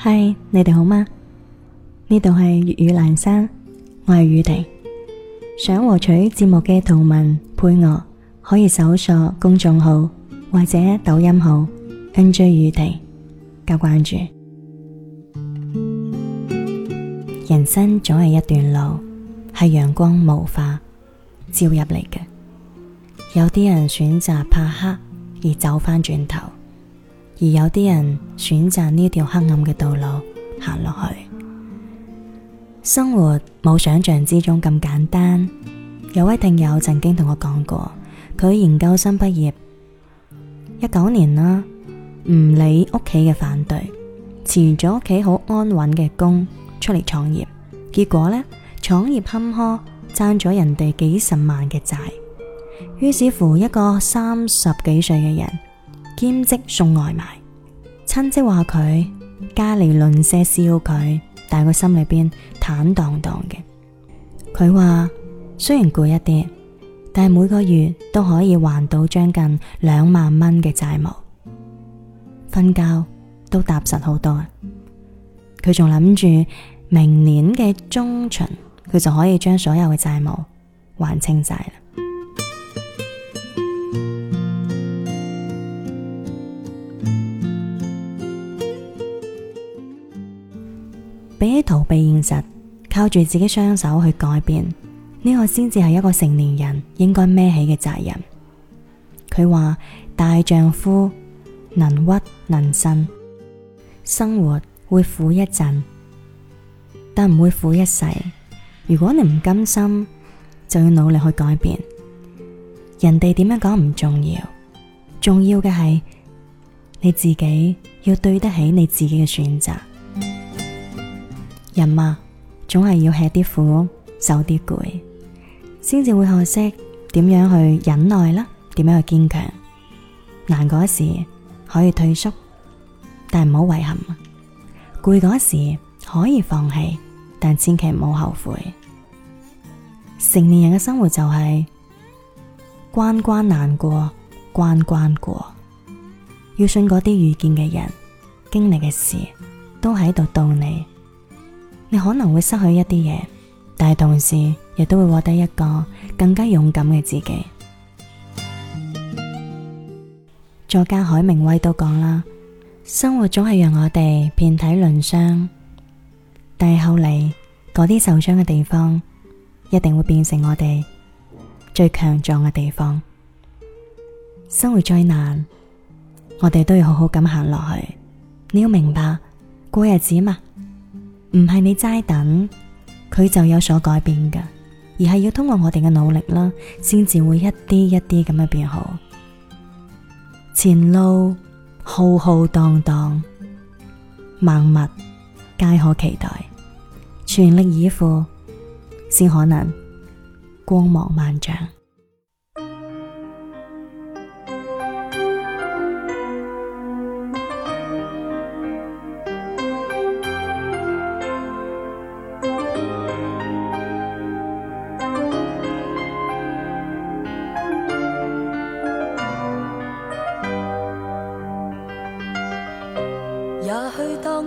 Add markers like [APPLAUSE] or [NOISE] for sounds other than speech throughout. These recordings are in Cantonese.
嗨，Hi, 你哋好嗎？呢度係粵語闌珊，我係宇婷。想獲取節目嘅圖文配樂，可以搜索公眾號或者抖音號 N J 宇婷」。加關注。人生總係一段路，係陽光無法照入嚟嘅。有啲人選擇怕黑而走返轉頭。而有啲人選擇呢條黑暗嘅道路行落去，生活冇想象之中咁簡單。有位聽友曾經同我講過，佢研究生畢業，一九年啦，唔理屋企嘅反對，辭咗屋企好安穩嘅工，出嚟創業。結果呢，創業坎坷，爭咗人哋幾十萬嘅債。於是乎，一個三十幾歲嘅人。兼職送外賣，親戚話佢，鄰居笑佢，但係個心裏邊坦蕩蕩嘅。佢話雖然攰一啲，但係每個月都可以還到將近兩萬蚊嘅債務，瞓覺都踏實好多。佢仲諗住明年嘅中旬，佢就可以將所有嘅債務還清晒啦。比起逃避現實，靠住自己雙手去改變，呢個先至係一個成年人應該孭起嘅責任。佢話大丈夫能屈能伸，生活會苦一陣，但唔會苦一世。如果你唔甘心，就要努力去改變。人哋點樣講唔重要，重要嘅係你自己要對得起你自己嘅選擇。人嘛，總係要吃啲苦，受啲攰，先至會學識點樣去忍耐啦，點樣去堅強。難過時可以退縮，但唔好遺憾；攰嗰時可以放棄，但千祈唔好後悔。成年人嘅生活就係關關難過，關關過。要信嗰啲遇見嘅人，經歷嘅事，都喺度渡你。你可能會失去一啲嘢，但係同時亦都會獲得一個更加勇敢嘅自己。 [MUSIC] 作家海明威都講啦，生活總係讓我哋遍體鱗傷，但係後嚟嗰啲受傷嘅地方一定會變成我哋最強壯嘅地方。生活再難，我哋都要好好咁行落去。你要明白，過日子嘛。唔係你齋等佢就有所改變噶而係要通過我哋嘅努力啦，先至會一啲一啲咁樣變好。前路浩浩蕩蕩，萬物皆可期待，全力以赴，先可能光芒萬丈。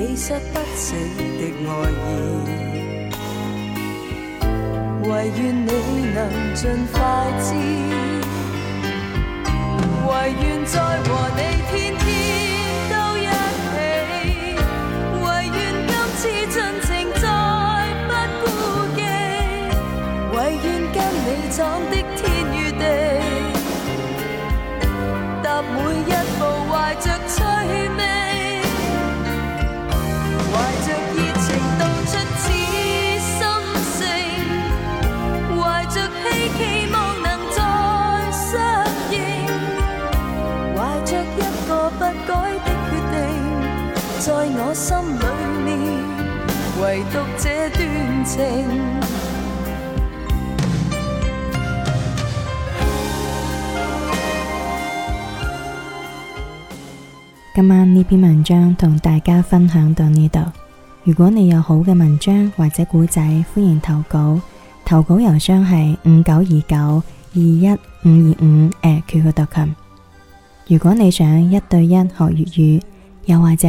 其實不死的愛意，唯願你能盡快知，唯願再和你天天。今晚呢篇文章同大家分享到呢度。如果你有好嘅文章或者故仔，歡迎投稿。投稿郵箱係五九二九二一五二五 @qq.com。如果你想一對一學粵語，又或者……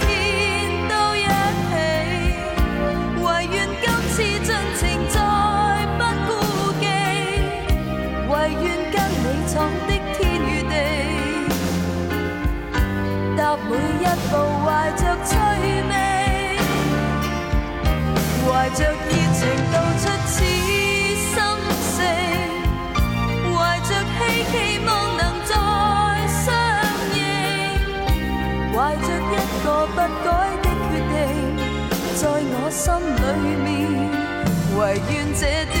[MUSIC] 每一步懷着趣味，懷着熱情道出此心聲，懷着希冀望能再相認，懷着一個不改的決定，在我心裏面，唯願這。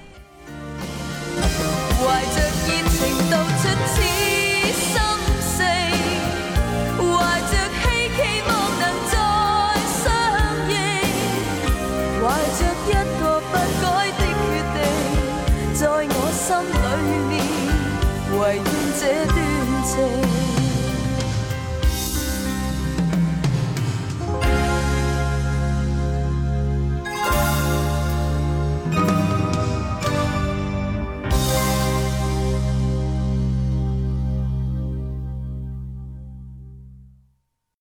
這段情。